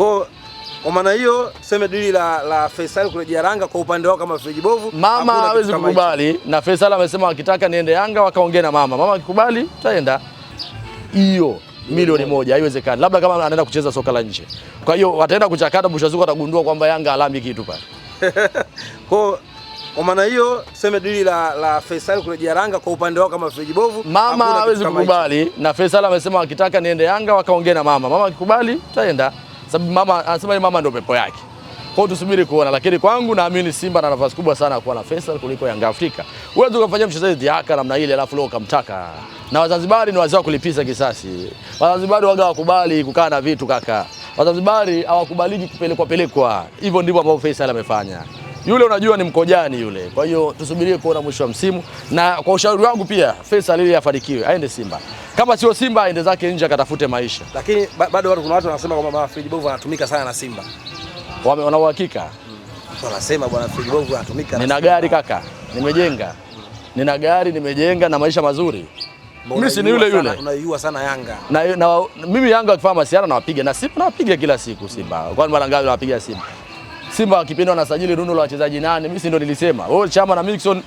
Kwa kwa maana hiyo tuseme dili la, la Faisal kurejea Yanga kwa upande wao kama Friji Bovu mama hawezi kukubali, na Faisal amesema wakitaka niende Yanga wakaongea na mama, mama akikubali taenda. Hiyo milioni mm. moja haiwezekani, labda kama anaenda kucheza soka la nje. Kwa hiyo wataenda kuchakata, Bushazuka atagundua kwamba Yanga alami kitu pale kwa kwa maana hiyo tuseme dili la, la Faisal kurejea Yanga kwa upande wao kama Friji Bovu mama hawezi kukubali, na Faisal amesema wakitaka niende Yanga wakaongea na mama, mama akikubali taenda mama anasema ah, ni mama ndio pepo yake. Kwa hiyo tusubiri kuona, lakini kwangu naamini Simba na nafasi kubwa sana kuwa na Faisal kuliko Yanga Afrika. Wewe ukafanyia mchezaji dhihaka namna ile alafu leo ukamtaka. Na Wazanzibari ni wazee kulipiza kisasi. Wazanzibari waga wakubali kukaa na vitu kaka. Wazanzibari hawakubaliki kupelekwapelekwa. Hivyo ndivyo ambavyo Faisal amefanya yule unajua ni mkojani yule. Kwa hiyo tusubirie kuona mwisho wa msimu, na kwa ushauri wangu pia Faisal ili afanikiwe aende Simba, kama sio Simba aende zake nje akatafute maisha. Lakini bado watu, kuna watu wanasema kwamba Friji Bovu anatumika sana na Simba, wame wana uhakika hmm. wanasema bwana Friji Bovu anatumika. Nina gari kaka, nimejenga, nina gari nimejenga na maisha mazuri mimi si ni yule yule. Unaiua sana Yanga. Na, na na, mimi Yanga akifanya masiara nawapiga na Simba nawapiga kila siku Simba. Kwani mara ngapi nawapiga Simba? Simba wakipenda wanasajili rundo la wachezaji nane. Mimi si ndio nilisema wewe Chama na Mixon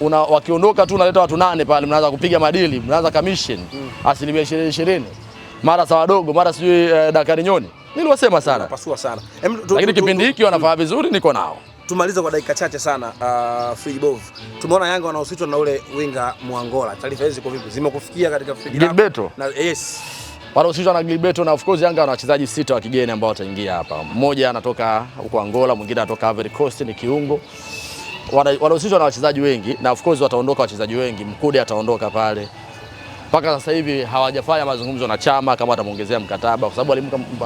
una wakiondoka tu unaleta watu nane pale, mnaanza kupiga madili, mnaanza commission mm. asilimia ishirini ishirini, mara sawa dogo, mara sijui eh, dakari nyoni. Niliwasema sana pasua sana, Em, tu, lakini kipindi hiki wanafaa vizuri, niko nao tumaliza kwa dakika chache sana. Uh, free Frigibov, tumeona Yanga wanahusishwa na ule winga Mwangola, taarifa hizi ziko vipi? Zimekufikia katika free Gilberto na yes wanahusishwa na Gilberto na of course Yanga wana wachezaji sita wa kigeni ambao wataingia hapa. Mmoja anatoka huko Angola, mwingine anatoka Ivory Coast ni kiungo. Wanahusishwa na wachezaji wengi na of course wataondoka wachezaji wengi. Mkude ataondoka pale. Mpaka sasa hivi hawajafanya mazungumzo na chama kama atamuongezea mkataba kwa sababu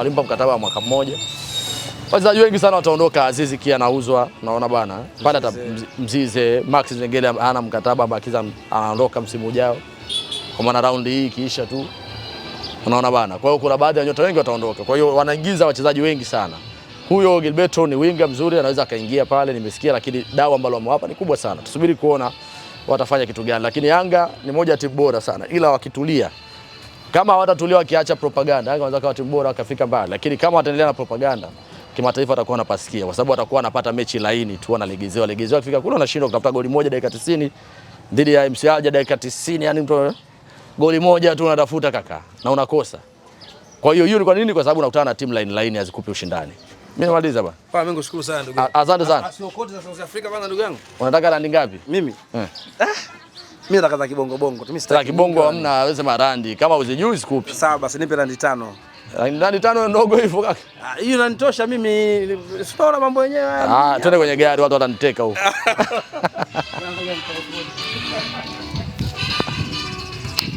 alimpa mkataba wa mwaka mmoja. Wachezaji wengi sana wataondoka. Azizi Kia anauzwa, naona bana. Pale ata Mzize, Max Zengele ana mkataba, bakiza anaondoka msimu ujao. Kwa maana raundi hii ikiisha tu Unaona bana. Kwa hiyo kuna baadhi ya nyota wengi wataondoka. Kwa hiyo wanaingiza wachezaji wengi sana. Huyo Gilberto ni winga mzuri, anaweza akaingia pale, nimesikia, lakini dau ambalo wamewapa ni kubwa sana. Tusubiri kuona watafanya kitu gani, lakini Yanga ni moja ya timu bora sana, ila wakitulia kama hawatatulia wakiacha propaganda, Yanga wanaweza kuwa timu bora wakafika mbali, lakini kama wataendelea na propaganda kimataifa atakuwa anapasikia, kwa sababu atakuwa anapata mechi laini tu, analegezewa legezewa, akifika kule anashindwa kutafuta goli moja dakika 90 dhidi ya MC Alger dakika 90, yani mtu goli moja tu unatafuta kaka na unakosa. Kwa hiyo hiyo ni kwa nini? Kwa sababu unakutana na timu line line hazikupi ushindani. Mimi namaliza bwana. Pa mimi nikushukuru sana ndugu yangu. Asante sana. Ah, ah, Siokote za South Africa bwana ndugu yangu. Unataka randi ngapi? Mimi. Eh. Ah. Mimi nataka za kibongo bongo. Mimi sitaki kibongo hamna, wewe marandi. kama uzijui sikupi. Sawa basi nipe randi tano. Randi tano ndogo hivyo kaka. Ah, hiyo inanitosha mimi. Sipaona mambo yenyewe. Ah, twende kwenye gari watu wataniteka huko.